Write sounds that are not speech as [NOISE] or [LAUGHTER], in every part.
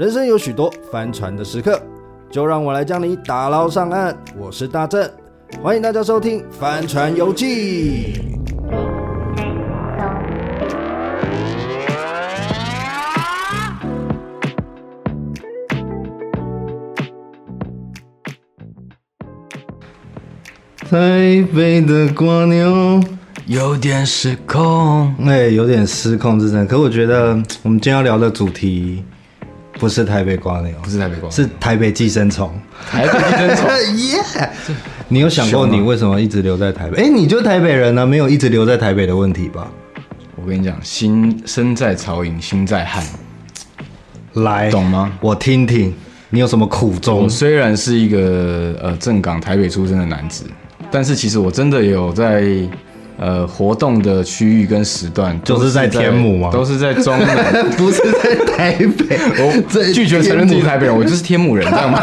人生有許多翻船的時刻，就讓我來將你打撈上岸。我是大正，歡迎大家收聽《翻船遊記》。台北的蝸牛有點失控，哎，有點失控，欸、失控之正。可我覺得我們今天要聊的主題。不是台北瓜，那種，不是台北瓜，是台北寄生蟲。台北寄生蟲耶、 [LAUGHS] yeah!！你有想過你為什麼一直留在台北？哎、欸，你就台北人呢、啊，沒有一直留在台北的問題吧？我跟你講，心身在曹營，心在漢，來，懂嗎？我聽聽你有什麼苦衷。雖然是一個呃，正港台北出生的男子，但是其實我真的有在。呃，活動的區域跟時段都是在，就是在天母嗎？都是在中南 [LAUGHS] ，不是在台北。我拒絕承認自己是台北人，我就是天母人， [LAUGHS] 這樣嗎？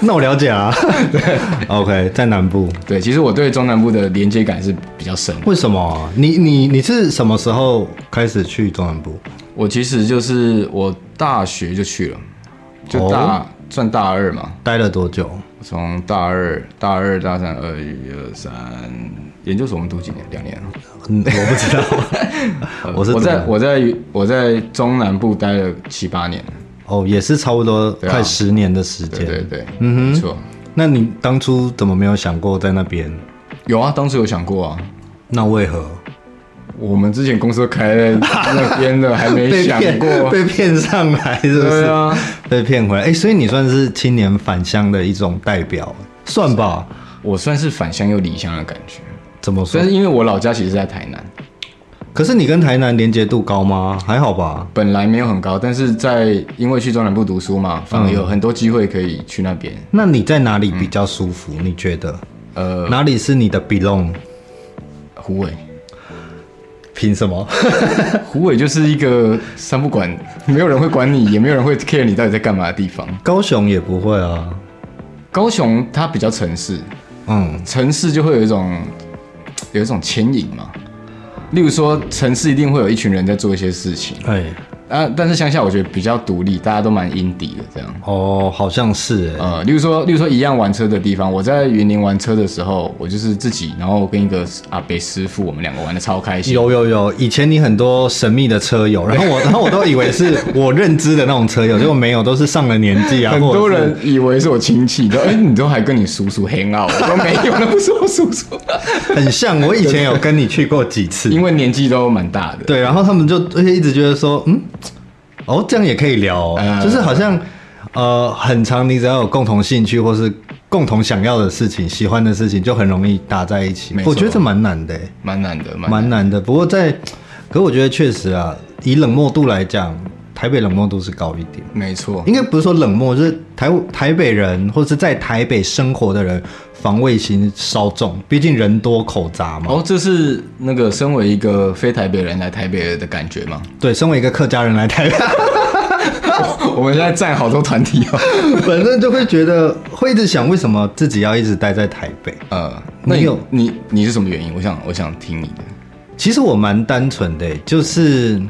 那我了解啊。 [LAUGHS] 對，OK，在南部。對，其實我對中南部的連接感是比較深。為什麼、啊？你你你是什麼時候開始去中南部？我其實就是我大學就去了，就大算、哦、大二嘛，待了多久？從大二，大二大三，二一，二三。研究所我們讀幾年？兩年嗯，我不知道。 [LAUGHS] 我是我在我在我在中南部待了七八年，哦，也是差不多快十年的時間。對,啊、對,對對，嗯哼，沒錯。那你當初怎麼沒有想過在那邊？有啊，當初有想過啊。那為何？我們之前公司開在那邊的， [LAUGHS] 還沒想過 [LAUGHS] 被騙上來是不是，是啊，被騙回來。哎、欸，所以你算是青年返鄉的一種代表，算吧。我算是返鄉又離鄉的感覺。怎麼說？但是因為我老家其實在台南，嗯、可是你跟台南連結度高嗎？還好吧，本來沒有很高，但是在因為去中南部讀書嘛，反而有很多機會可以去那邊，嗯。那你在哪裡比較舒服，嗯？你覺得？呃，哪裡是你的 belong？呃、胡偉？憑什麼？ [LAUGHS] 胡偉就是一個三不管，沒有人會管你， [LAUGHS] 也沒有人會 care 你到底在幹嘛的地方。高雄也不會啊，高雄它比較城市，嗯，城市就會有一種。有一種牽引嘛，例如說，城市一定會有一群人在做一些事情。啊，但是鄉下我覺得比較獨立，大家都蠻 indie 的這樣。哦，好像是，呃，例如說，例如說一樣玩車的地方，我在雲林玩車的時候，我就是自己，然後跟一個阿伯師傅，我們兩個玩的超開心。有有有，以前你很多神秘的車友，然後我然後我都以為是我認知的那種車友，結果沒有，都是上了年紀啊。 [LAUGHS] 很多人以為是我親戚，都哎、欸，你都還跟你叔叔 hang out，我都沒有，那不是我叔叔，很像。我以前有跟你去過幾次，因為年紀都蠻大的。對，然後他們就而且一直覺得說，嗯。哦，這樣也可以聊，嗯、就是好像，嗯、呃，很常。你只要有共同興趣，或是共同想要的事情、喜歡的事情，就很容易打在一起。沒錯，我覺得這蠻難的，蠻難的，蠻難的。不過在，可我覺得確實啊，以冷漠度來講。嗯台北冷漠度是高一點，沒錯，應該不是說冷漠，就是台台北人或者是在台北生活的人防衛心稍重，畢竟人多口雜嘛。哦，這是那個身為一個非台北人來台北的感覺嗎？對，身為一個客家人來台北， [LAUGHS] [LAUGHS] 我們現在站好多團體啊、哦，反 [LAUGHS] 正就會覺得會一直想為什麼自己要一直待在台北。呃，沒有，你你是什麼原因？我想我想聽你的。其實我蠻單純的，就是。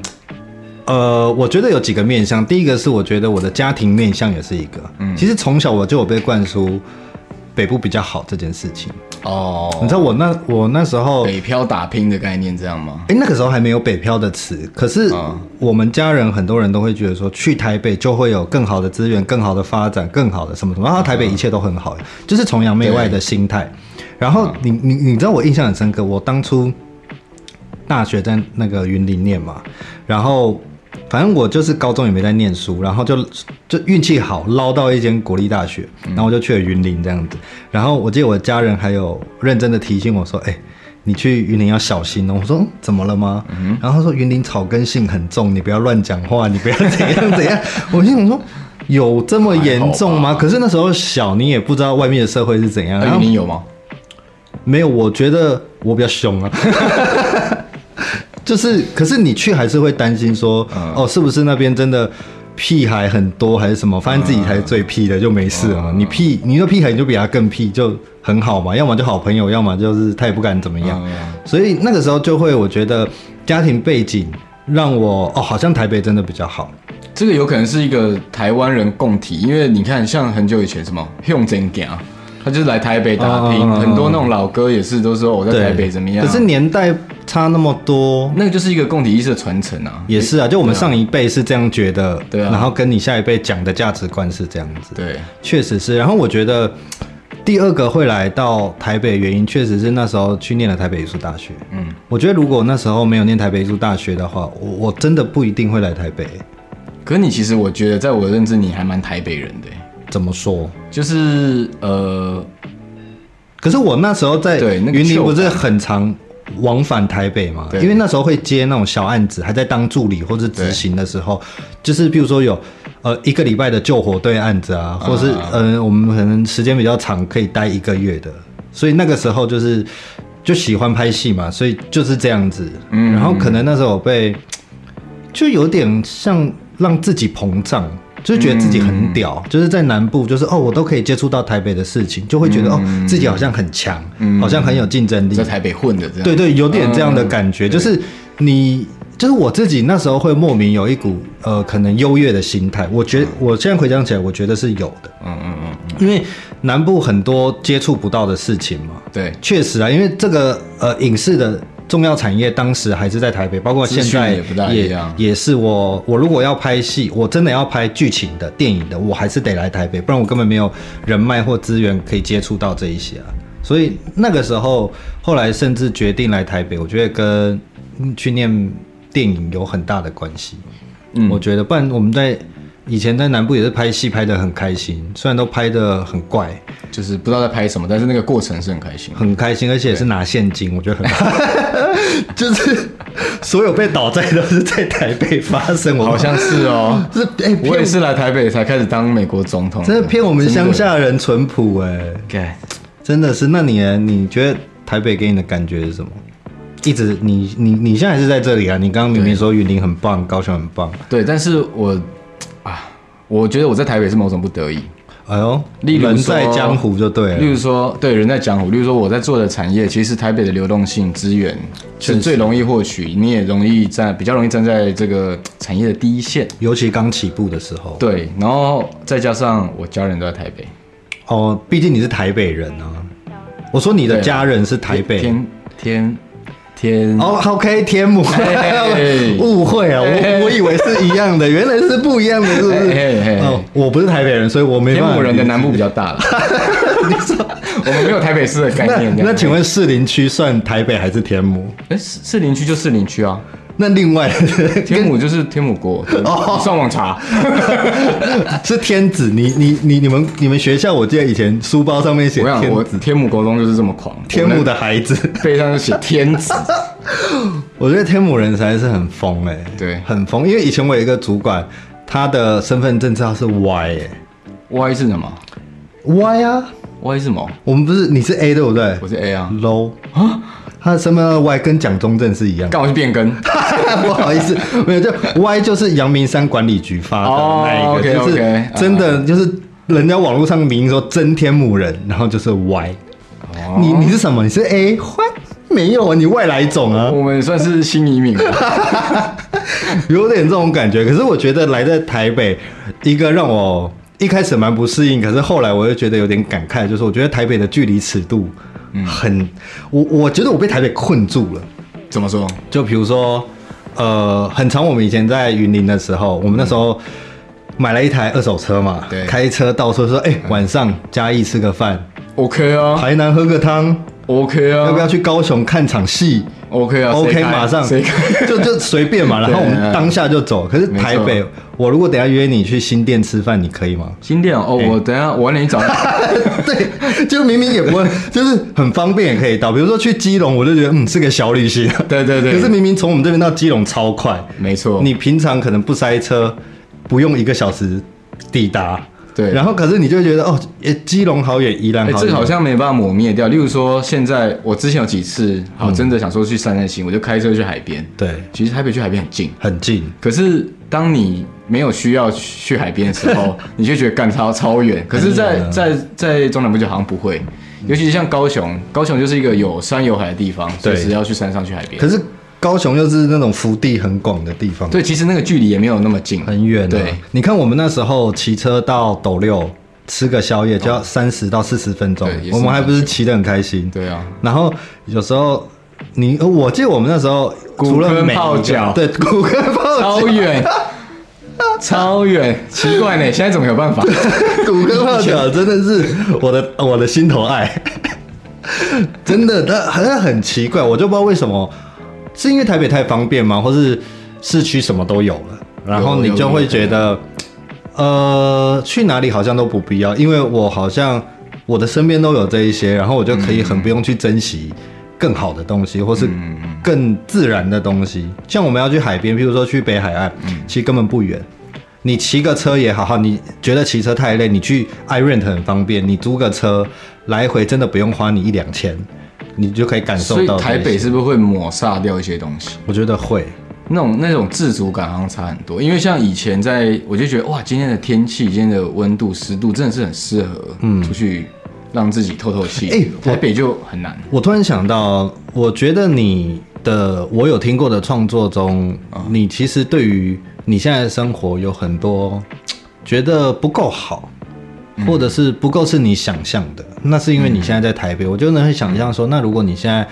呃，我覺得有幾個面向。第一個是我覺得我的家庭面向也是一個。嗯，其實從小我就有被灌輸北部比較好這件事情。哦，你知道我那我那時候北漂打拼的概念這樣嗎？哎、欸，那個時候還沒有北漂的詞，可是我們家人很多人都會覺得說去台北就會有更好的資源、更好的發展、更好的什麼什麼。然後台北一切都很好、嗯啊，就是崇洋媚外的心態。然後你、嗯、你你知道我印象很深刻，我當初大學在那個雲林念嘛，然後。反正我就是高中也沒在念書，然後就就運氣好撈到一間國立大學，然後我就去了雲林這樣子。然後我記得我的家人還有認真的提醒我說：“哎、欸，你去雲林要小心哦、喔。”我說：“怎麼了嗎？”然後他說：“雲林草根性很重，你不要亂講話，你不要怎樣怎樣。”我心想說：“有這麼嚴重嗎？”可是那時候小，你也不知道外面的社會是怎樣。雲林有嗎？沒有，我覺得我比較兇啊。 [LAUGHS] 就是，可是你去還是會擔心說，哦，是不是那邊真的屁孩很多，還是什麼？發現自己才是最屁的就沒事啊。你屁，你就屁孩，你就比他更屁，就很好嘛。要麼就好朋友，要麼就是他也不敢怎麼樣。所以那個時候就會，我覺得家庭背景讓我哦，好像台北真的比較好。這個有可能是一個台灣人共體，因為你看，像很久以前什麼，永真敢就是來台北打拼。嗯，很多那種老哥也是都說我在台北怎麼樣啊。可是年代差那麼多，那個就是一個共體意識的傳承啊。欸。也是啊，就我們上一輩是這樣覺得對。啊，對啊，然後跟你下一輩講的價值觀是這樣子。對，確實是。然後我覺得第二個會來到台北的原因，確實是那時候去念了台北藝術大學。嗯，我覺得如果那時候沒有念台北藝術大學的話，我我真的不一定會來台北。可你其實，我覺得在我的認知，你還蠻台北人的，欸。怎麼說？就是呃，可是我那時候在雲林不是很常往返台北嘛，因為那時候會接那種小案子，還在當助理或是執行的時候，就是譬如說有呃一個禮拜的救火隊案子啊，或是、啊、呃我們可能時間比較長，可以待一個月的，所以那個時候就是就喜歡拍戲嘛，所以就是這樣子。然後可能那時候我被就有點像讓自己膨脹。就覺得自己很屌，嗯、就是在南部，就是哦，我都可以接觸到台北的事情，就會覺得、嗯、哦，自己好像很強、嗯，好像很有競爭力，在台北混的這樣，對，對對，有點這樣的感覺、嗯，就是你，就是我自己那時候會莫名有一股呃，可能優越的心態。我覺得我現在回想起來，我覺得是有的，嗯嗯嗯，因為南部很多接觸不到的事情嘛，對，確實啊，因為這個呃，影視的。重要產業當時還是在台北，包括現在也，也不大一樣。也是我，我如果要拍戲，我真的要拍劇情的電影的，我還是得來台北，不然我根本沒有人脈或資源可以接觸到這一些啊。所以那個時候，後來甚至決定來台北，我覺得跟去念電影有很大的關係。嗯，我覺得不然我們在。以前在南部也是拍戲拍的很開心，雖然都拍的很怪，就是不知道在拍什麼，但是那個過程是很開心，很開心，而且也是拿現金，我覺得很， [LAUGHS] [LAUGHS] 就是所有被倒債都是在台北發生， [LAUGHS] 好像是哦， [LAUGHS] 是哎、欸，我也是來台北才開始當美國總統，真的騙我們鄉下的人淳樸哎、欸，對，真的是，那你呢，你覺得台北給你的感覺是什麼？一直你你你現在還是在這裡啊？你剛剛明明說雲林很棒，高雄很棒，對，但是我。我覺得我在台北是某種不得已。哎呦，例如說，人在江湖就對了，例如說，對，人在江湖，例如說我在做的產業，其實台北的流動性資源是最容易獲取，是是，你也容易站，比較容易站在這個產業的第一線，尤其剛起步的時候。對，然後再加上我家人都在台北，哦，畢竟你是台北人啊。我說你的家人是台北，天。天天哦，好、oh, K、okay, 天母誤 [LAUGHS] 會啊，我我以為是一樣的， [LAUGHS] 原來是不一樣的，是不是？哦，我不是台北人，所以我沒有。天母人的南部比較大了。 [LAUGHS] [LAUGHS] 你說，我們沒有台北市的概念那。那請問士林區算台北還是天母？哎，士士林區就是士林區啊。那另外，天母就是天母國哦。上網查， [LAUGHS] 是天子。你你你你們你們學校，我記得以前書包上面寫天子。我我天母國中就是這麼狂，天母的孩子背上就寫天子。 [LAUGHS] 我覺得天母人才是很瘋哎、欸，對，很瘋。因為以前我有一個主管，他的身份證照是 Y，Y、欸、是什麼？Y 啊，Y 是什麼？我們不是你是 A 對不對？我是 A 啊，low 啊。他身分證 Y 跟蔣中正是一樣的，幹嘛去變更？ [LAUGHS] 不好意思， [LAUGHS] 沒有，就 Y 就是陽明山管理局發的那一個，oh, okay, okay, uh-huh. 就是真的就是人家網絡上名說真天母人，然後就是 Y、oh. 你你是什麼？你是 A 換？沒有啊，你外來種啊？我們算是新移民， [LAUGHS] 有點這種感覺。可是我覺得來在台北，一個讓我一開始蠻不適應，可是後來我又覺得有點感慨，就是我覺得台北的距離尺度。嗯、很，我我覺得我被台北困住了。怎麼說？就比如說，呃，很常我們以前在雲林的時候，我們那時候買了一台二手車嘛，對、嗯，開車到處說，哎、欸，晚上嘉義吃個飯、嗯、，OK 啊，台南喝個湯。OK 啊，要不要去高雄看場戲？OK 啊 okay，OK，馬上，okay，就就隨便嘛。 [LAUGHS] 然後我們當下就走。可是台北，我如果等下約你去新店吃飯，你可以嗎？新店哦、欸，我等下我幫你找。 [LAUGHS] [LAUGHS] 對，就明明也不會， [LAUGHS] 就是很方便也可以到。比如說去基隆，我就覺得嗯是個小旅行。對對對。可是明明從我們這邊到基隆超快，沒錯。你平常可能不塞車，不用一個小時抵達。對，然後可是你就會覺得哦，也基隆好遠，宜蘭好遠，欸、這個好像沒辦法抹滅掉。例如說，現在我之前有幾次，好、嗯、真的想說去散散心，我就開車去海邊。對，其實台北去海邊很近，很近。可是當你沒有需要去海邊的時候， [LAUGHS] 你就覺得幹超超遠。可是在，啊，在在在中南部就好像不會，尤其是像高雄，高雄就是一個有山有海的地方，隨時要去山上去海邊。可是。高雄又是那種腹地很廣的地方，對，其實那個距離也沒有那麼近，很遠。對，你看我們那時候騎車到斗六、嗯、吃個宵夜，就要三十到四十分鐘、哦。我們還不是騎得很開心。對啊，然後有時候你，我記得我們那時候除了骨科泡腳，對，谷歌泡腳超遠，超遠，超遠 [LAUGHS] 奇怪呢，現在怎麼有辦法？谷歌泡腳真的是我的 [LAUGHS] 我的心頭愛，真的，但好像很奇怪，我就不知道為什麼。是因為台北太方便嗎？或是市區什麼都有了，然後你就會覺得，呃，去哪裡好像都不必要，因為我好像我的身邊都有這一些，然後我就可以很不用去珍惜更好的東西，嗯、或是更自然的東西。嗯、像我們要去海邊，譬如說去北海岸，嗯、其實根本不遠。你騎個車也好好，你覺得騎車太累，你去 iRent 很方便，你租個車來回真的不用花你一兩千。你就可以感受到，所以台北是不是會抹煞掉一些東西？我覺得會，那種那種自主感好像差很多。因為像以前在，我就覺得哇，今天的天氣、今天的溫度、濕度真的是很適合，嗯，出去讓自己透透氣。哎、嗯欸，台北就很難我。我突然想到，我覺得你的我有聽過的創作中、嗯，你其實對於你現在的生活有很多覺得不夠好、嗯，或者是不夠是你想象的。那是因為你現在在台北，嗯、我就能想象說，那如果你現在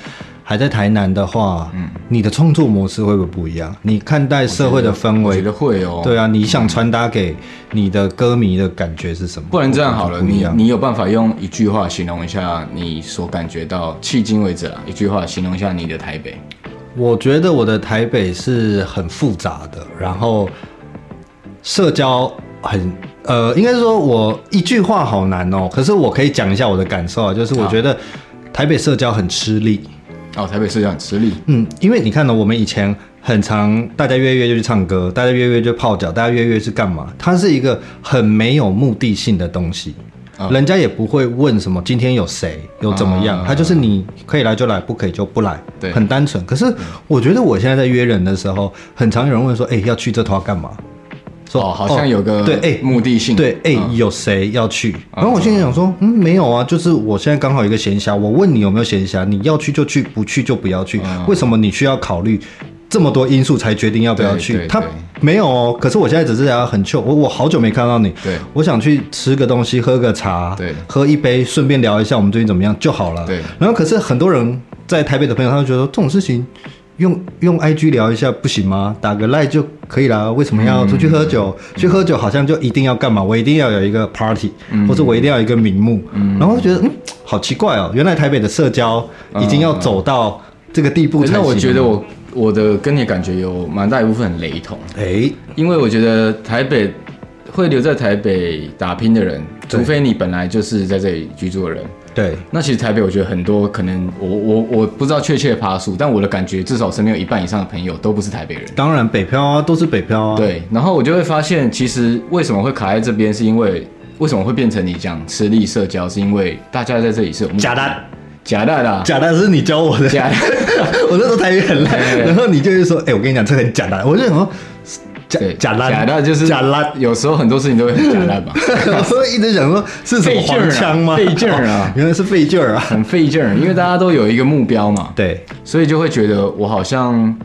還在台南的話，嗯、你的創作模式會不會不一樣？你看待社會的氛圍，覺得，覺得會哦。對啊，你想傳達給你的歌迷的感覺是什麼？不然這樣好了，不不了你你有辦法用一句話形容一下你所感覺到迄今為止啊，一句話形容一下你的台北。我覺得我的台北是很複雜的，然後社交很。呃，應該是說我一句話好難哦，可是我可以講一下我的感受啊，就是我覺得台北社交很吃力。哦，台北社交很吃力。嗯，因為你看呢、哦，我們以前很常大家約約就去唱歌，大家約約就泡腳，大家約約是幹嘛？它是一個很沒有目的性的東西，哦、人家也不會問什麼今天有誰有怎麼樣、哦，它就是你可以來就來，不可以就不來，對，很單純。可是我覺得我現在在約人的時候，很常有人問說，哎、欸，要去這頭要幹嘛？哦，好像有個對，哎，目的性，哦、對，哎、欸嗯欸，有誰要去、嗯？然後我現在想說，嗯，沒有啊，就是我現在剛好一個閒暇。我問你有沒有閒暇，你要去就去，不去就不要去。嗯、為什麼你需要考慮這麼多因素才決定要不要去？他沒有哦，可是我現在只是想要很臭，我我好久沒看到你，對，我想去吃個東西，喝個茶，對，喝一杯，順便聊一下我們最近怎麼樣就好了，對。然後可是很多人在台北的朋友，他就覺得這種事情。用用 IG 聊一下不行嗎？打個賴就可以了。為什麼要出去喝酒？嗯嗯、去喝酒好像就一定要幹嘛？我一定要有一個 party，、嗯、或者我一定要有一個名目、嗯。然後覺得嗯，好奇怪哦，原來台北的社交已經要走到這個地步、嗯嗯。那我覺得我我的跟你的感覺有蠻大一部分很雷同。誒、欸，因為我覺得台北會留在台北打拼的人，除非你本來就是在這裡居住的人。對，那其實台北，我覺得很多可能我，我我我不知道確切的趴數，但我的感覺，至少身邊有一半以上的朋友都不是台北人。當然，北漂啊，都是北漂啊。對，然後我就會發現，其實為什麼會卡在這邊，是因為為什麼會變成你講吃力社交，是因為大家在這裡是有假的。假單的啦。假的是你教我的，假的 [LAUGHS] [LAUGHS] 我那時候台語很爛，然後你就是說，哎、欸，我跟你講這個假的。我就什假假的，假，假就是假爛。有時候很多事情都會很假爛嘛，所 [LAUGHS] 以一直想說，是什麼黃腔嗎？費勁兒啊，啊 [LAUGHS] 原來是費勁兒啊，很費勁兒，因為大家都有一個目標嘛。對、嗯，所以就會覺得我好像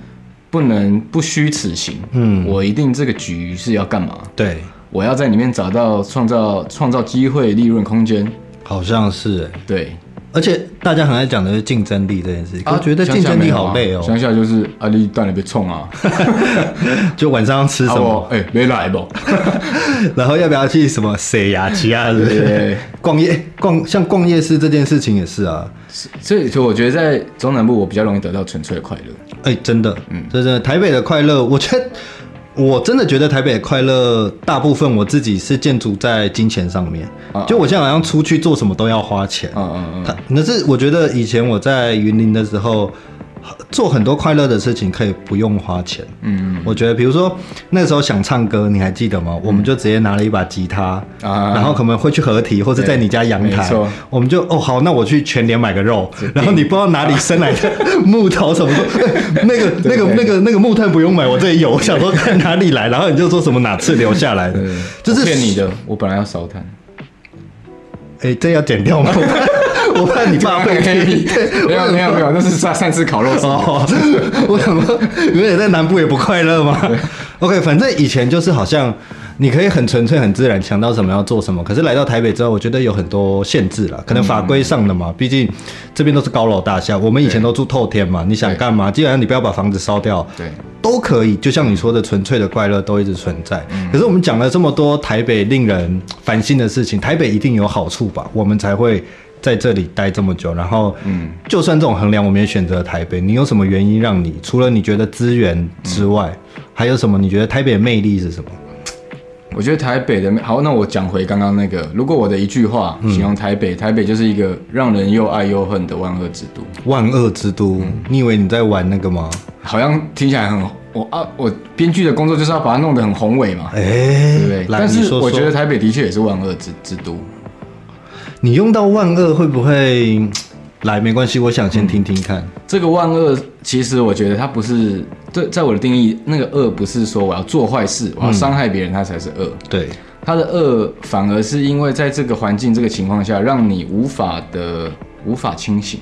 不能不虛此行。嗯，我一定這個局是要幹嘛？對，我要在裡面找到創造創造機會、利潤空間，好像是對。而且大家很愛講的是競爭力這件事情，啊、我覺得競爭力好累哦。鄉、啊、下，下就是壓力斷了別衝啊，啊 [LAUGHS] 就晚上要吃什麼？哎、啊欸，沒來吧。 [LAUGHS] [LAUGHS] 然後要不要去什麼洗牙器啊？對、啊欸，逛夜逛，像逛夜市這件事情也是啊。所以，所以我覺得在中南部，我比較容易得到純粹的快樂。哎、欸，真的，嗯，真的，台北的快樂，我覺得。我真的覺得台北快樂，大部分我自己是建築在金錢上面。就我現在好像出去做什麼都要花錢。嗯嗯嗯。那是我覺得以前我在雲林的時候。做很多快樂的事情可以不用花錢。嗯，嗯，我覺得，比如說那時候想唱歌，你還記得嗎？嗯、我們就直接拿了一把吉他啊，嗯、然後可能會去合體，或者在你家陽台，我們就哦好，那我去全聯買個肉，然後你不知道哪裡生來的、啊、木頭什麼的， [LAUGHS] 什麼欸、那個那個那個那個木炭不用買，我這裡有，我想說看哪裡來，然後你就說什麼哪次留下來的，就是騙你的，我本來要燒炭，哎、欸，這要剪掉嗎？ [LAUGHS] [LAUGHS] 我怕你爸被黑皮。 [LAUGHS] 沒有沒有沒有，那 [LAUGHS] 是上上次烤肉燒。為什麼？因、oh, 為 [LAUGHS] 在南部也不快樂嗎？OK，反正以前就是好像你可以很純粹、很自然，想到什麼要做什麼。可是來到台北之後，我覺得有很多限制了，可能法規上的嘛。畢竟這邊都是高樓大廈，我們以前都住透天嘛，你想幹嘛？基本上你不要把房子燒掉，對，都可以。就像你說的，純粹的快樂都一直存在。可是我們講了這麼多台北令人煩心的事情，台北一定有好處吧？我們才會。在這裡待這麼久，然後，嗯，就算這種衡量，我們也選擇了台北。你有什麼原因讓你除了你覺得資源之外、嗯，還有什麼你覺得台北的魅力是什麼？我覺得台北的，好，那我講回剛剛那個，如果我的一句話形容台北、嗯，台北就是一個讓人又愛又恨的萬惡之都。萬惡之都、嗯，你以為你在玩那個嗎？好像聽起來很，我啊，我編劇的工作就是要把它弄得很宏偉嘛，誒、欸，對不對？來，你說說？但是我覺得台北的確也是萬惡之之都。你用到萬惡會不會來？沒關係，我想先聽聽看。嗯、這個萬惡，其實我覺得它不是對，在我的定義，那個惡不是說我要做壞事，我要傷害別人、嗯，它才是惡。對，它的惡反而是因為在這個環境、這個情況下，讓你無法的無法清醒，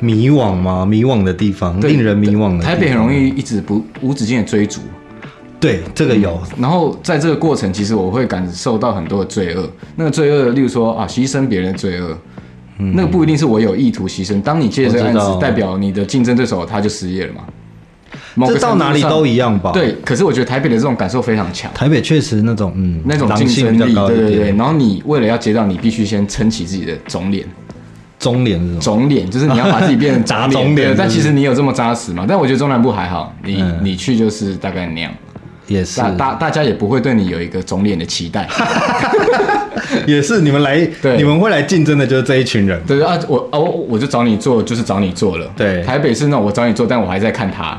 迷惘嗎？迷惘的地方，令人迷惘的。台北很容易一直不無止境的追逐。對，這個有、嗯。然後在這個過程，其實我會感受到很多的罪惡。那個罪惡，例如說啊，犧牲別人的罪惡、嗯，那個不一定是我有意圖犧牲。當你接這個案子，代表你的競爭對手他就失業了嘛。這到哪裡都一樣吧？對。可是我覺得台北的這種感受非常強。台北確實那種，嗯，那種競爭力，對對對。然後你為了要接到，你必須先撐起自己的腫臉。腫臉這種。腫臉就是你要把自己變成腫臉。腫 [LAUGHS] 臉、就是，但其實你有這麼扎實嗎？但我覺得中南部還好，你、嗯、你去就是大概那樣。也是大大家也不會對你有一個總臉的期待， [LAUGHS] 也是你們來對你們會來競爭的，就是這一群人。對啊，我哦、啊，我就找你做，就是找你做了。對，台北是那我找你做，但我還在看他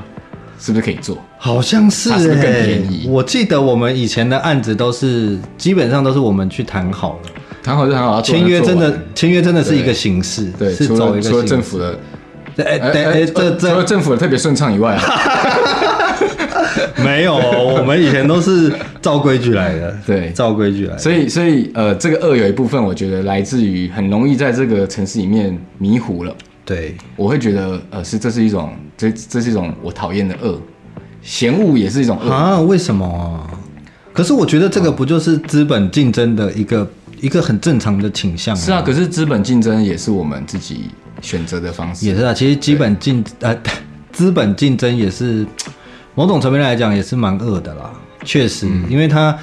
是不是可以做，好像是、欸、是，是更便宜，我記得我們以前的案子都是基本上都是我們去談好了，談好就談好，簽約真的簽約真的是一個形式，對，是走一個除了，除了政府的，哎哎哎，這這除，除了政府的特別順暢以外啊。 [LAUGHS] [LAUGHS] 沒有，我們以前都是照規矩來的，對，照規矩來。所以，所以，呃，這個惡有一部分，我覺得來自於很容易在這個城市裡面迷糊了。對，我會覺得，呃，是這是一種，這這是一種我討厭的惡，嫌惡也是一種惡啊。為什麼？可是我覺得這個不就是資本競爭的一個、啊、一個很正常的傾向嗎？是啊，可是資本競爭也是我們自己選擇的方式。也是啊，其實基本競，呃，啊，資本競爭也是。某種層面來講也是蠻惡的啦，確實、嗯，因為他，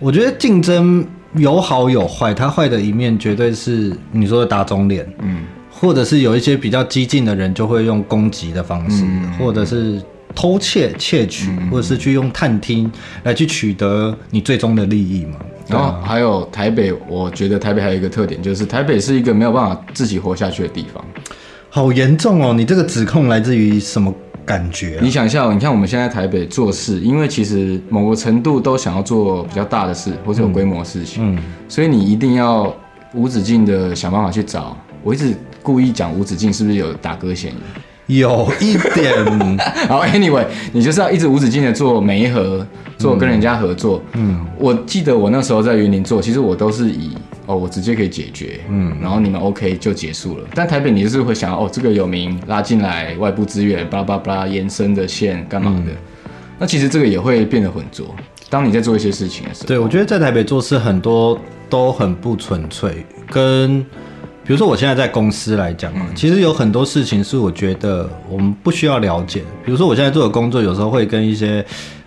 我覺得競爭有好有壞，他壞的一面絕對是你說的打腫臉，嗯，或者是有一些比較激進的人就會用攻擊的方式，嗯嗯嗯、或者是偷竊、竊取嗯嗯嗯，或者是去用探聽來去取得你最終的利益嘛。然後、啊哦、還有台北，我覺得台北還有一個特點就是台北是一個沒有辦法自己活下去的地方，好嚴重哦，你這個指控來自於什麼？感覺、啊，你想象，你看我們現在台北做事，因為其實某個程度都想要做比較大的事，或是有規模的事情，嗯，所以你一定要無止境的想辦法去找。我一直故意講無止境，是不是有打歌嫌疑？有一點 [LAUGHS] 好。好，Anyway，你就是要一直無止境的做媒合，做跟人家合作嗯。嗯，我記得我那時候在雲林做，其實我都是以哦，我直接可以解決，嗯，然後你們 OK 就結束了。但台北你就是會想哦，這個有名拉進來外部資源，巴拉巴拉延伸的線幹嘛的、嗯？那其實這個也會變得混濁。當你在做一些事情的時候，對，我覺得在台北做事很多都很不純粹，跟。比如說，我現在在公司來講啊，其實有很多事情是我覺得我們不需要了解。比如說，我現在做的工作有時候會跟一些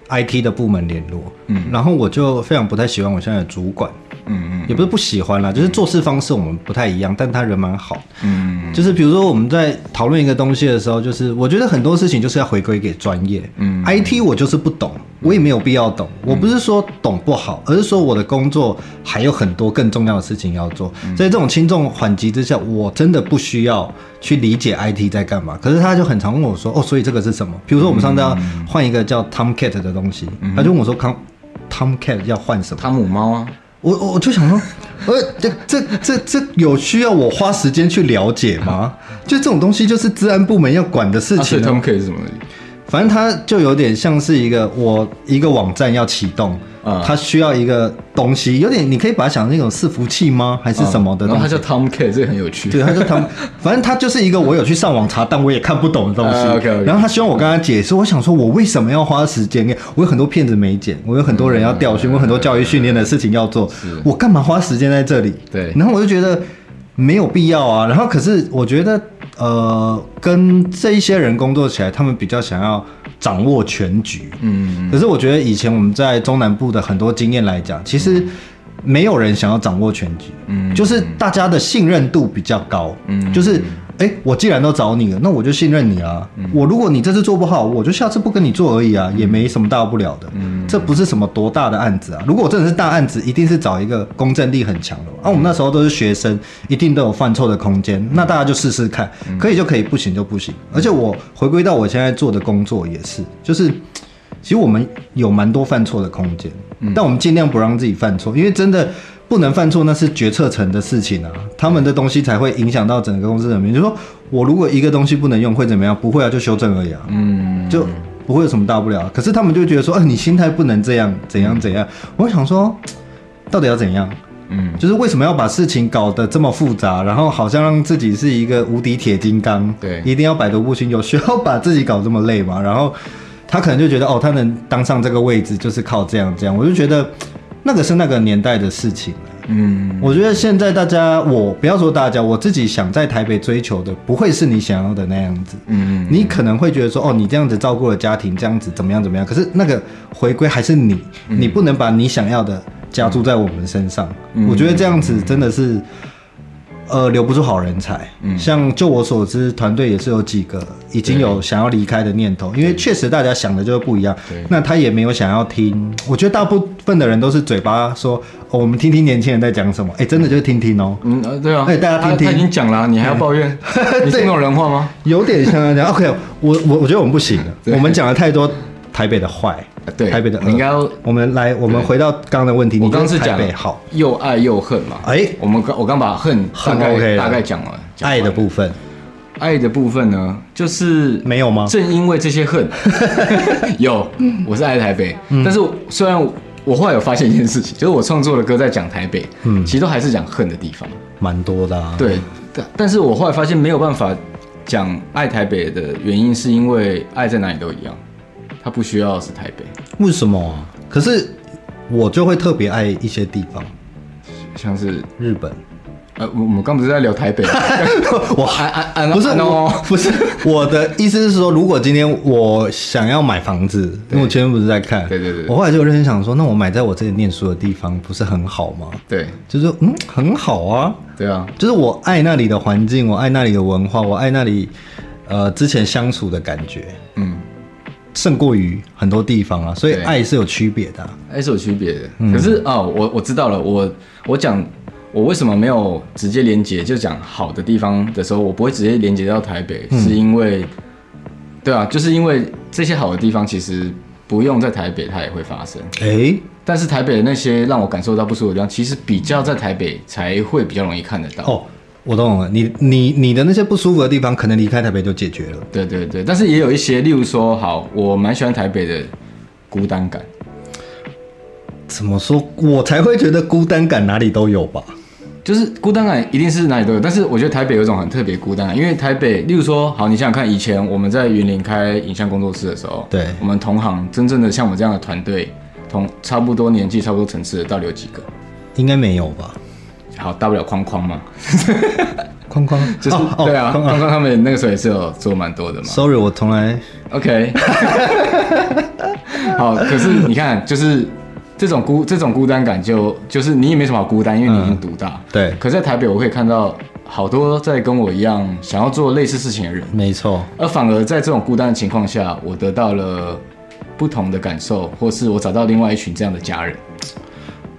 IT 的部門聯絡，嗯，然後我就非常不太喜歡我現在的主管。嗯嗯，也不是不喜歡啦、嗯，就是做事方式我們不太一樣，但他人蠻好。嗯就是比如說我們在討論一個東西的時候，就是我覺得很多事情就是要回歸給專業。嗯，IT 我就是不懂，我也沒有必要懂。我不是說懂不好，嗯、而是說我的工作還有很多更重要的事情要做。嗯、所以這種輕重緩急之下，我真的不需要去理解 IT 在幹嘛。可是他就很常問我說，哦，所以這個是什麼？比如說我們上次要換一個叫 Tomcat 的東西，嗯、他就問我說，Tom Tomcat 要換什麼？湯姆貓啊。我我我就想說，呃、欸，這這這這有需要我花時間去了解嗎？就這種東西，就是治安部門要管的事情了。反正他就有點像是一個我一個網站要啟動，啊、嗯，他需要一個東西，有點你可以把它想成一種伺服器嗎，還是什麼的、嗯？然後他叫 Tomcat，這個很有趣。對，他叫 Tom， [LAUGHS] 反正他就是一個我有去上網查，但我也看不懂的東西。啊、okay, okay, 然後他希望我跟他解釋、嗯，我想說，我為什麼要花時間？我有很多片子沒剪，我有很多人要調訓，我、嗯、很多教育訓練的事情要做，我幹嘛花時間在這裡？對。然後我就覺得沒有必要啊。然後可是我覺得。呃，跟這一些人工作起來，他們比較想要掌握全局。嗯，可是我覺得以前我們在中南部的很多經驗來講，其實沒有人想要掌握全局。嗯，就是大家的信任度比較高。嗯，就是。誒、欸，我既然都找你了，那我就信任你啊，嗯。我如果你這次做不好，我就下次不跟你做而已啊，嗯，也沒什麼大不了的嗯、嗯。嗯，這不是什麼多大的案子啊。如果真的是大案子，一定是找一個公正力很強的，嗯。啊，我們那時候都是學生，一定都有犯錯的空間。嗯，那大家就試試看，嗯，可以就可以，不行就不行，嗯。而且我回歸到我現在做的工作也是，就是其實我們有蠻多犯錯的空間，但我們儘量不讓自己犯錯，因為真的。不能犯錯，那是決策層的事情啊，他們的東西才會影響到整個公司人民，就說，我如果一個東西不能用會怎麼樣？不會啊，就修正而已啊，嗯，就不會有什麼大不了、啊。可是他們就覺得說，啊，你心態不能這樣，怎樣怎樣。嗯、我想說，到底要怎樣？嗯，就是為什麼要把事情搞得這麼複雜，然後好像讓自己是一個無敵鐵金剛，對，一定要百毒不侵，有需要把自己搞這麼累嘛？然後他可能就覺得，哦，他能當上這個位置就是靠這樣這樣。我就覺得。那個是那個年代的事情了，啊，嗯，我覺得現在大家，我不要說大家，我自己想在台北追求的，不會是你想要的那樣子，嗯嗯，你可能會覺得說，哦，你這樣子照顧了家庭，這樣子怎麼樣怎麼樣，可是那個回歸還是你，嗯，你不能把你想要的加注在我們身上，嗯，我覺得這樣子真的是。呃，留不住好人才。嗯，像就我所知，團隊也是有幾個已經有想要離開的念頭，因為確實大家想的就是不一樣。對，那他也沒有想要聽。我覺得大部分的人都是嘴巴說，嗯哦、我們聽聽年輕人在講什麼。哎、欸，真的就是聽聽哦嗯。嗯，對啊。大家聽聽，他,他已經講了、啊，你還要抱怨？你聽那有 [LAUGHS] 人話嗎？有點像 [LAUGHS] OK，我我我覺得我們不行了，我們講了太多台北的壞。對台北的，嗯、你應該要我們來，我們回到剛剛的問題。你剛剛是講好，又愛又恨嘛。哎、欸，我們剛我剛把恨大概、okay、大概講了、了，愛的部分，愛的部分呢，就是沒有嗎？正因為這些恨，有， [LAUGHS] 有，我是愛台北、嗯，但是雖然我後來有發現一件事情，就是我創作的歌在講台北，嗯，其實都還是講恨的地方，蠻多的、啊。對，但但是我後來發現沒有辦法講愛台北的原因，是因為愛在哪裡都一樣。他不需要是台北。為什麼、啊？可是我就會特別愛一些地方，像是日本。呃、啊，我我們剛不是在聊台北？ [LAUGHS] 我還啊啊不是不是，我的意思是說，如果今天我想要買房子，因為我前天不是在看，對對對，對，我後來就有認真想說，那我買在我這裡念書的地方不是很好嗎？對，就是嗯很好啊，對啊，就是我愛那裡的環境，我愛那裡的文化，我愛那裡呃之前相處的感覺，嗯。勝過於很多地方啊，所以愛是有區別的、啊，愛是有區別的、嗯。可是啊、哦，我我知道了，我我講我為什麼沒有直接連接，就講好的地方的時候，我不會直接連接到台北，是因為、嗯，對啊，就是因為這些好的地方其實不用在台北，它也會發生。哎、欸，但是台北的那些讓我感受到不舒服的地方，其實比較在台北才會比較容易看得到。哦。我懂了，你你你的那些不舒服的地方，可能離開台北就解決了。對對對，但是也有一些，例如說，好，我蠻喜歡台北的孤單感。怎麼說我才會覺得孤單感哪裡都有吧？就是孤單感一定是哪裡都有，但是我覺得台北有一種很特別孤單，因為台北，例如說，好，你想想看，以前我們在雲林開影像工作室的時候，對，我們同行真正的像我們這樣的團隊，同差不多年紀、差不多層次的，到底有幾個？應該沒有吧？好，大不了框框嘛。 [LAUGHS] 框框就是、哦、對啊、哦、啊，框框他們那個時候也是有做蠻多的嘛。Sorry，我從來 OK。 [LAUGHS] 好， [LAUGHS] 可是你看，就是這種孤、這種孤單感，就，就就是你也沒什麼好孤單，因為你已經獨大，嗯。對。可在台北，我可以看到好多在跟我一樣想要做類似事情的人。沒錯。而反而在這種孤單的情況下，我得到了不同的感受，或是我找到另外一群這樣的家人。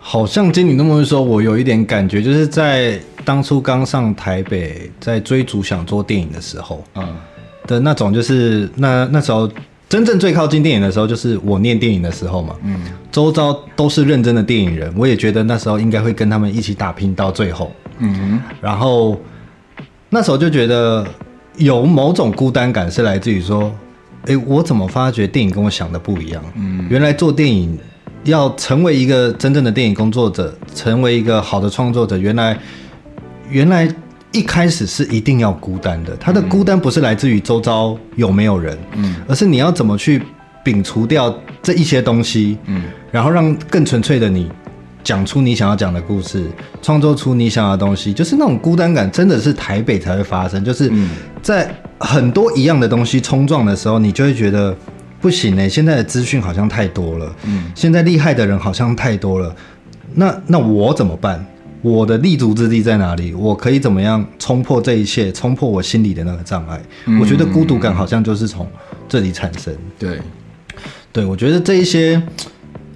好像經你那麼一說，我有一點感覺，就是在當初剛上台北，在追逐想做電影的時候，嗯，的那種，就是那那時候真正最靠近電影的時候，就是我念電影的時候嘛，嗯，周遭都是認真的電影人，我也覺得那時候應該會跟他們一起打拼到最後，嗯，然後那時候就覺得有某種孤單感，是來自於說，哎、欸，我怎麼發覺電影跟我想的不一樣？嗯，原來做電影。要成為一個真正的電影工作者，成為一個好的創作者，原來，原來一開始是一定要孤單的。他的孤單不是來自於周遭有沒有人，嗯，而是你要怎麼去摒除掉這一些東西，嗯，然後讓更純粹的你講出你想要講的故事，創作出你想要的東西。就是那種孤單感，真的是台北才會發生。就是在很多一樣的東西衝撞的時候，你就會覺得。不行呢、欸，現在的資訊好像太多了。嗯，現在厲害的人好像太多了。那那我怎麼辦？我的立足之地在哪裡？我可以怎麼樣衝破這一切？衝破我心裡的那個障礙？嗯、我覺得孤獨感好像就是從這裡產生。對，對我覺得這一些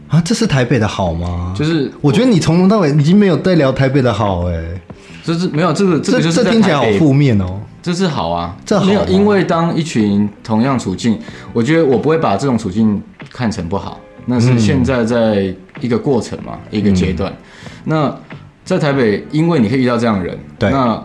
啊，這是台北的好嗎？就是我，我覺得你從頭到尾已經沒有在聊台北的好誒、欸。這是沒有這個，這個就是聽起來好負面哦。這是好啊，這好沒有，因為當一群同樣處境，我覺得我不會把這種處境看成不好，那是現在在一個過程嘛，一個階段。那在台北，因為你可以遇到這樣的人。對，那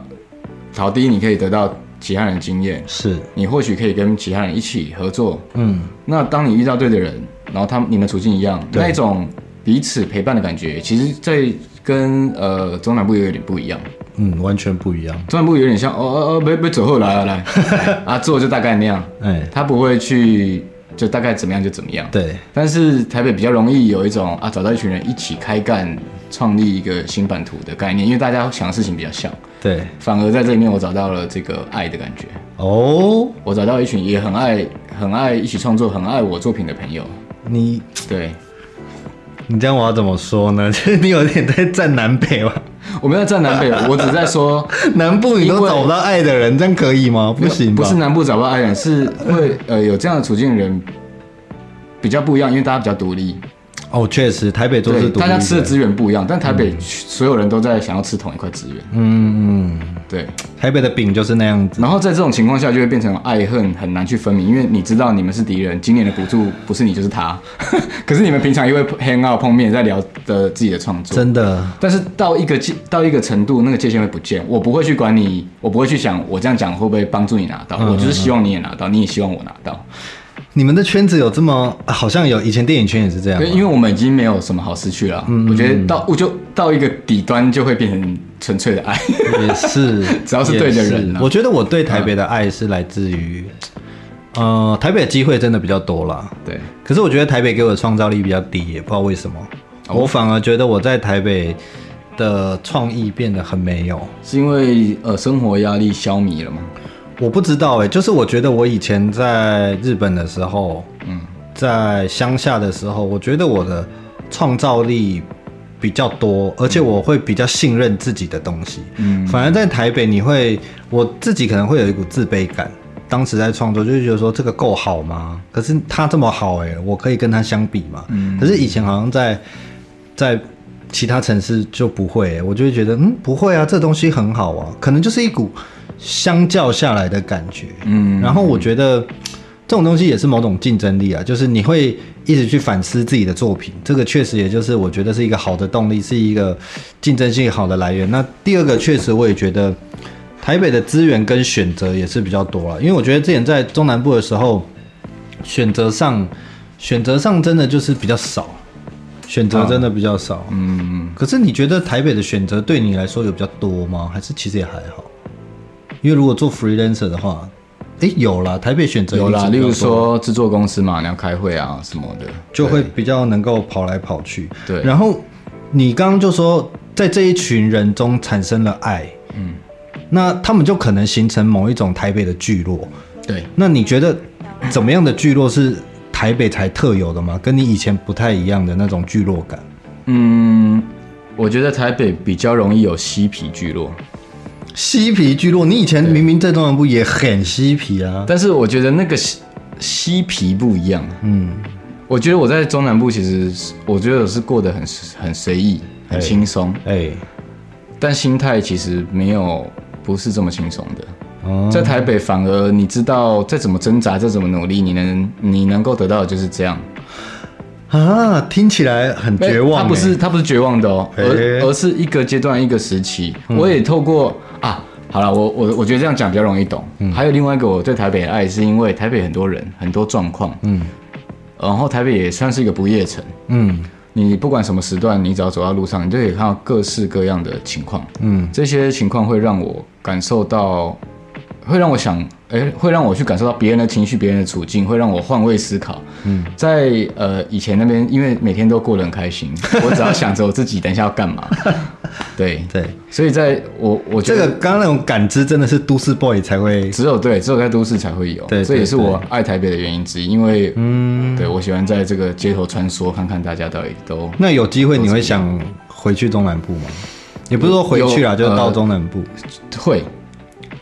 第一，你可以得到其他人的經驗，是你或許可以跟其他人一起合作，嗯。那當你遇到對的人，然後他們你們處境一樣，那種彼此陪伴的感覺，其實，在跟呃中南部也有，有點不一樣。嗯，完全不一樣。中南部有點像哦哦哦，別別走後來啊來啊，做就大概那樣。哎、欸，他不會去，就大概怎麼樣就怎麼樣。對。但是台北比較容易有一種啊，找到一群人一起開幹，創立一個新版圖的概念，因為大家想的事情比較像。對。反而在這裡面，我找到了這個愛的感覺。哦、oh?。我找到一群也很愛、很愛一起創作、很愛我作品的朋友。你對。你這樣我要怎麼說呢？就是你有點在戰南北吧？.我們要站南北，我只在說 [LAUGHS] 南部你都找不到愛的人，這樣可以嗎？不行吧，不是南部找不到愛人，是因為呃有這樣的處境的人比較不一樣，因為大家比較獨立。哦，確實，台北都是大家吃的資源不一樣，嗯，但台北所有人都在想要吃同一塊資源。嗯嗯，對，台北的餅就是那樣子。然後在這種情況下，就會變成愛恨很難去分明，因為你知道你們是敵人。今年的補助不是你就是他， [LAUGHS] 可是你們平常又會 hang out、碰面，在聊的自己的創作。真的。但是到一個界到一個程度，那個界限會不見。我不會去管你，我不會去想我這樣講會不會幫助你拿到嗯嗯嗯。我就是希望你也拿到，你也希望我拿到。你們的圈子有這麼、啊，好像有以前電影圈也是這樣，因為我們已經沒有什麼好失去了。嗯嗯，我覺得到我就到一個底端，就會變成純粹的愛。也是， [LAUGHS] 只要是，是對的人，啊。我覺得我對台北的愛是來自於，嗯，呃，台北的機會真的比較多了。對，可是我覺得台北給我的創造力比較低，也不知道為什麼。哦，我反而覺得我在台北的創意變得很沒有，是因為呃生活壓力消弭了嗎？我不知道哎，就是我覺得我以前在日本的時候，嗯，在鄉下的時候，我覺得我的創造力比較多，而且我會比較信任自己的東西。嗯，反而在台北，你會我自己可能會有一股自卑感。當時在創作，就會覺得說，這個夠好嗎？可是他這麼好哎，我可以跟他相比嘛。嗯，可是以前好像在在其他城市就不會欸，我就會覺得嗯，不會啊，這東西很好啊，可能就是一股。相較下來的感覺，嗯，嗯，嗯，然後我覺得這種東西也是某種競爭力啊，就是你會一直去反思自己的作品，這個確實也就是我覺得是一個好的動力，是一個競爭性好的來源。那第二個確實我也覺得台北的資源跟選擇也是比較多了，啊，因為我覺得之前在中南部的時候，選擇上、選擇上真的就是比較少，選擇真的比較少，嗯，啊，可是你覺得台北的選擇對你來說有比較多嗎？還是其實也還好？因為如果做 freelancer 的話，誒，有啦，台北選擇有啦，例如說製作公司嘛，你要開會啊什麼的，就會比較能夠跑來跑去。對，然後你剛剛就說，在這一群人中產生了愛，嗯，那他們就可能形成某一種台北的聚落。對，那你覺得怎麼樣的聚落是台北才特有的嗎？跟你以前不太一樣的那種聚落感？嗯，我覺得台北比較容易有嬉皮聚落。嬉皮聚落，你以前明明在中南部也很嬉皮啊，但是我覺得那個嬉嬉皮不一樣。嗯，我覺得我在中南部其實，我覺得我是過得很很隨意、很輕鬆。哎、欸欸，但心態其實沒有不是這麼輕鬆的、嗯。在台北反而你知道再怎麼掙扎、再怎麼努力，你能你能夠得到的就是這樣。啊，聽起來很絕望、欸。他不是他不是絕望的哦，欸、而而是一個階段一個時期。嗯、我也透過。啊，好了，我我我覺得這樣講比較容易懂，嗯。還有另外一個我對台北的愛，是因為台北很多人，很多狀況，嗯，然後台北也算是一個不夜城，嗯，你不管什麼時段，你只要走到路上，你就可以看到各式各樣的情況，嗯，這些情況會讓我感受到，會讓我想。哎、欸，會讓我去感受到別人的情緒、別人的處境，會讓我換位思考。嗯，在呃以前那邊，因為每天都過得很開心，我只要想着我自己，等一下要幹嘛。 [LAUGHS] 對對，所以在我我覺得，這個剛剛那種感知真的是都市 boy 才會，只有對，只有在都市才會有。對，對，對，這也是我愛台北的原因之一，因為嗯，對我喜歡在這個街頭穿梭，看看大家到底都。那有機會你會想回去中南部嗎？也不是說回去啊，就是到中南部、呃、會。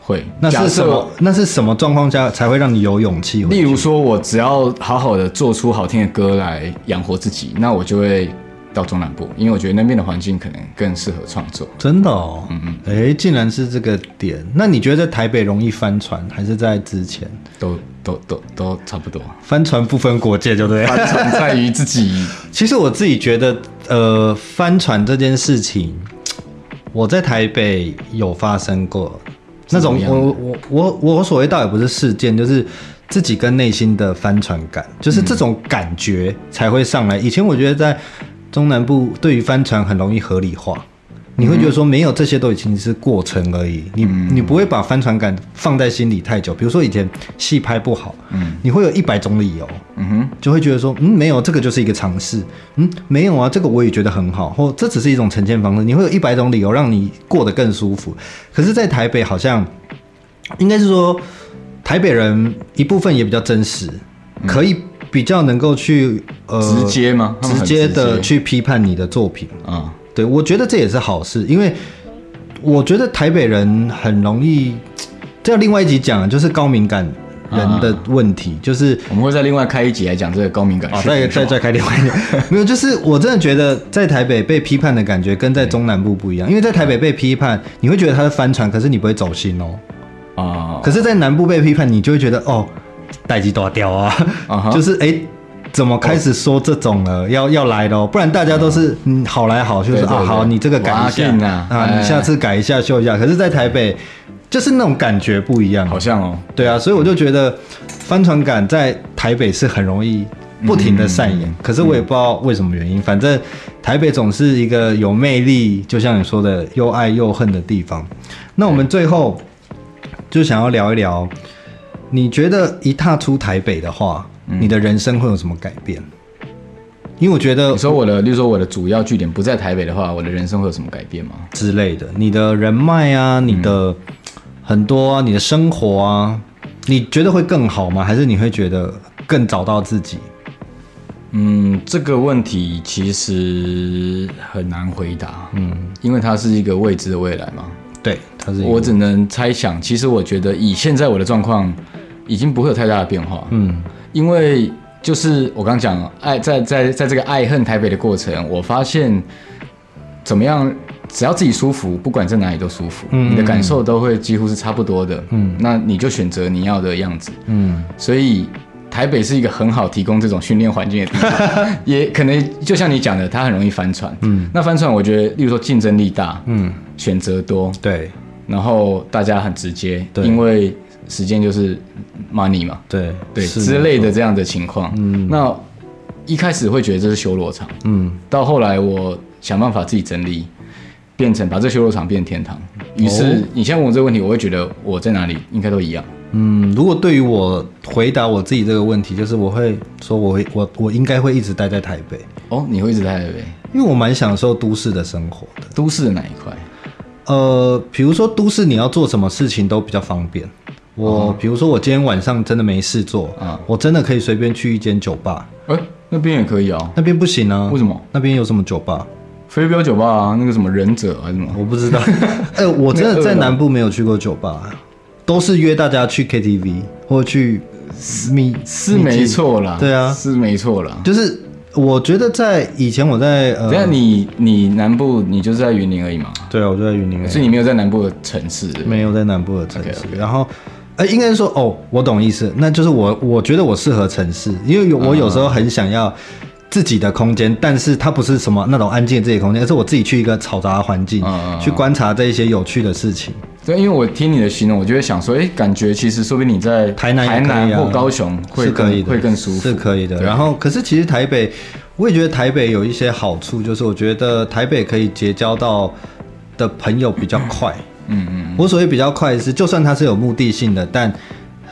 會。那是什麼？那是什麼狀況下才會讓你有勇氣？例如說，我只要好好的做出好聽的歌來養活自己，那我就會到中南部，因為我覺得那邊的環境可能更適合創作。真的哦？嗯嗯，哎、欸，竟然是這個點。那你覺得在台北容易翻船，還是在之前？都都都都差不多。翻船不分國界，對不對？翻船在於自己。其實我自己覺得，呃，翻船這件事情，我在台北有發生過。那種我我我我所謂倒也不是事件，就是自己跟內心的帆船感，就是這種感覺才會上來。嗯、以前我覺得在中南部，對於翻船很容易合理化。你會覺得說沒有，這些都已經是過程而已，嗯、你你不會把翻船感放在心裡太久。比如說以前戲拍不好，嗯，你會有一百種理由，嗯、就會覺得說嗯沒有，這個就是一個嘗試，嗯沒有啊，這個我也覺得很好，或這只是一種呈現方式。你會有一百種理由讓你過得更舒服。可是，在台北好像應該是說，台北人一部分也比較真實，可以比較能夠去、嗯、呃，直接嗎？直接，直接的去批判你的作品啊。嗯對，我覺得這也是好事，因為我覺得台北人很容易，這要另外一集講，就是高敏感人的問題，嗯、就是我們會再另外開一集來講這個高敏感。啊、再是是再再，再開另外一集，沒有，就是我真的覺得在台北被批判的感覺跟在中南部不一樣，因為在台北被批判，你會覺得他是翻船，可是你不會走心哦。啊、嗯，可是，在南部被批判，你就會覺得哦，代誌大條啊、嗯，就是哎。誒怎麼開始說這種了？哦、要要來咯，不然大家都是、哦嗯、好來好就是對對對啊，好，你這個改一下啊，啊，你下次改一下秀一下。欸、可是，在台北就是那種感覺不一樣，好像哦，對啊，所以我就覺得、嗯、帆船感在台北是很容易不停的上演。嗯、可是我也不知道為什麼原因，嗯、反正台北總是一個有魅力，就像你說的又愛又恨的地方。那我們最後就想要聊一聊，你覺得一踏出台北的話？嗯、你的人生會有什麼改變？因為我覺得，有時候我的，例如說，我的主要據點不在台北的話，我的人生會有什麼改變嗎？之類的，你的人脈啊，你的很多啊，啊、嗯，你的生活啊，你覺得會更好嗎？還是你會覺得更找到自己？嗯，這個問題其實很難回答。嗯，因為它是一個未知的未來嘛。對，它是一個。我只能猜想。其實我覺得，以現在我的狀況，已經不會有太大的變化。嗯。因為就是我剛剛講愛在在在這個愛恨台北的過程，我發現怎麼樣，只要自己舒服，不管在哪裡都舒服，嗯，你的感受都會幾乎是差不多的。嗯，那你就選擇你要的樣子。嗯，所以台北是一個很好提供這種訓練環境的地方，嗯，也可能就像你講的，它很容易翻船。嗯，那翻船我覺得，例如說競爭力大，嗯，選擇多，對，然後大家很直接，對，因為。時間就是 money 嘛，對對之類的這樣的情況。嗯，那一開始會覺得這是修羅場，嗯，到後來我想辦法自己整理，變成把這修羅場變天堂。於是你現在問我這個問題，我會覺得我在哪裡應該都一樣。哦。嗯，如果對於我回答我自己這個問題，就是我會說我會，我我我應該會一直待在台北。哦，你會一直待在台北？因為我蠻享受都市的生活的。都市的哪一塊？呃，比如說都市你要做什麼事情都比較方便。我比如說，我今天晚上真的沒事做啊，哦嗯，我真的可以隨便去一間酒吧。哎、欸，那邊也可以啊，哦，那邊不行啊？為什麼？那邊有什麼酒吧？飛鏢酒吧啊，那個什麼忍者，啊、還是什麼？我不知道。哎、 [LAUGHS] 欸，我真的在南部沒有去過酒吧，啊，都是約大家去 KTV 或去私密。是沒錯啦。對啊，是沒錯啦。就是我覺得在以前我在，呃，等下你你南部你就是在雲林而已嘛？對啊，我就在雲林而已，所以你沒有在南部的城市是不是，沒有在南部的城市，okay, okay. 然後。哎、欸，應該說哦，我懂意思。那就是我，我覺得我適合城市，因為有我有時候很想要自己的空間、嗯，但是它不是什麼那種安靜的自己的空間，而是我自己去一個嘈雜的環境、嗯、去觀察這一些有趣的事情。對，因為我聽你的形容，我就會想說，哎、欸，感覺其實說不定你在台南、台南或高雄是可以的會更舒服，是可以的。然後，可是其實台北，我也覺得台北有一些好處，就是我覺得台北可以結交到的朋友比較快。嗯嗯嗯嗯，嗯，我所謂比較快的是，就算他是有目的性的，但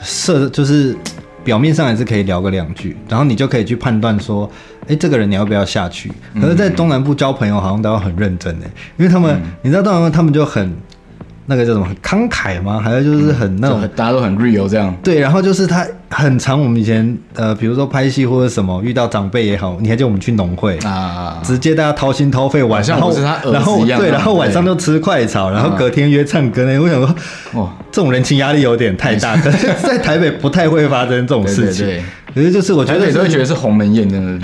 設就是表面上還是可以聊個兩句，然後你就可以去判斷說，哎、欸，這個人你要不要下去？可是在東南部交朋友好像都要很認真哎，因為他們，嗯嗯你知道，東南部他們就很。那個叫什麼慷慨嗎？還有就是很那種、嗯很，大家都很 real 這樣。對，然後就是他很常，我們以前呃，比如說拍戲或者什麼，遇到長輩也好，你還叫我們去農會啊，直接大家掏心掏肺晚上、啊、然後，像是他然後對，對，然後晚上就吃快炒，然後隔天約唱歌呢、啊。我想說，哦，這種人情壓力有點太大， [LAUGHS] [LAUGHS] 在台北不太會發生這種事情。對對對對其實就是，我覺得你都會覺得是《鴻門宴》 [LAUGHS] 真的嗎，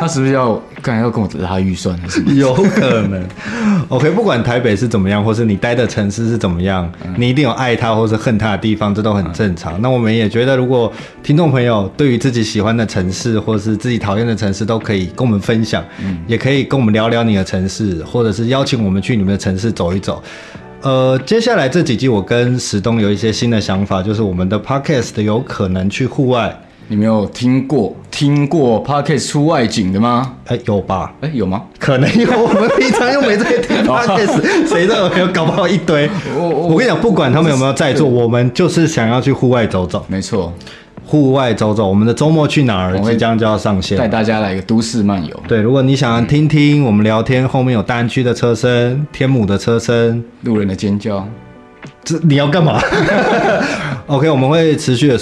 [LAUGHS] 他是不是要剛才要跟我拉預算是是？有可能。OK，不管台北是怎麼樣，或是你待的城市是怎麼樣，嗯、你一定有愛他或是恨他的地方，這都很正常。嗯、那我們也覺得，如果聽眾朋友對於自己喜歡的城市或是自己討厭的城市，都可以跟我們分享、嗯，也可以跟我們聊聊你的城市，或者是邀請我們去你們的城市走一走。呃，接下來這幾集，我跟史東有一些新的想法，就是我們的 Podcast 有可能去戶外。你沒有聽過聽過 Podcast 出外景的嗎？哎、欸，有吧？哎、欸，有嗎？可能有。我們平常又沒在聽 Podcast，誰沒有，搞不好一堆。我、oh, oh, oh, 我跟你講，不管他們有沒有在座，我們就是想要去戶外走走。沒錯，戶外走走。我們的周末去哪兒即將就要上線，帶大家來一個都市漫遊。對，如果你想要聽聽我們聊天，後面有單曲的車聲、天母的車聲、路人的尖叫。這你要幹嘛 [LAUGHS] ？OK，我們會持續的。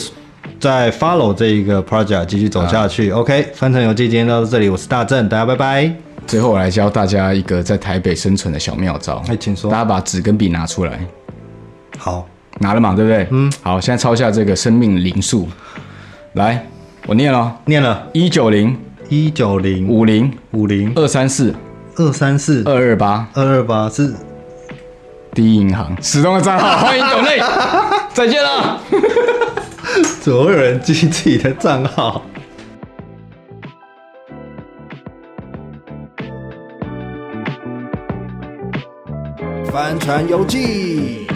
在 follow 這一個 project 繼續走下去。啊、OK，翻成遊記今天到這裡，我是大正，大家拜拜。最後我來教大家一個在台北生存的小妙招。欸、請說。大家把紙跟筆拿出來。好，拿了嘛，對不對？嗯。好，現在抄下這個生命靈數。來，我念嘍。念了。一九零一九零五零五零二三四二三四二二八二二八，是第一銀行史東的賬號。歡迎抖內， [LAUGHS] 再見了。 [LAUGHS] 總有人記自己的賬號。《帆船遊記》。